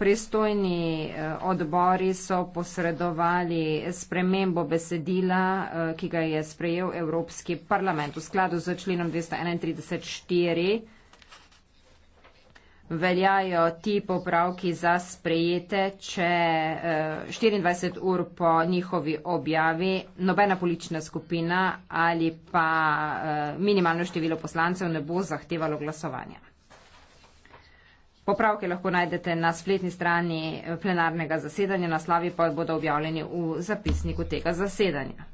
Pristojni eh, odbori so posredovali spremembo besedila, eh, ki ga je sprejel Evropski parlament. V skladu z členom 231.4 veljajo ti popravki za sprejete, če 24 eh, ur po njihovi objavi nobena politična skupina ali pa minimalno število poslancev ne bo zahtevalo glasovanja. Popravke lahko najdete na spletni strani plenarnega zasedanja, naslavi pa bodo objavljeni v zapisniku tega zasedanja.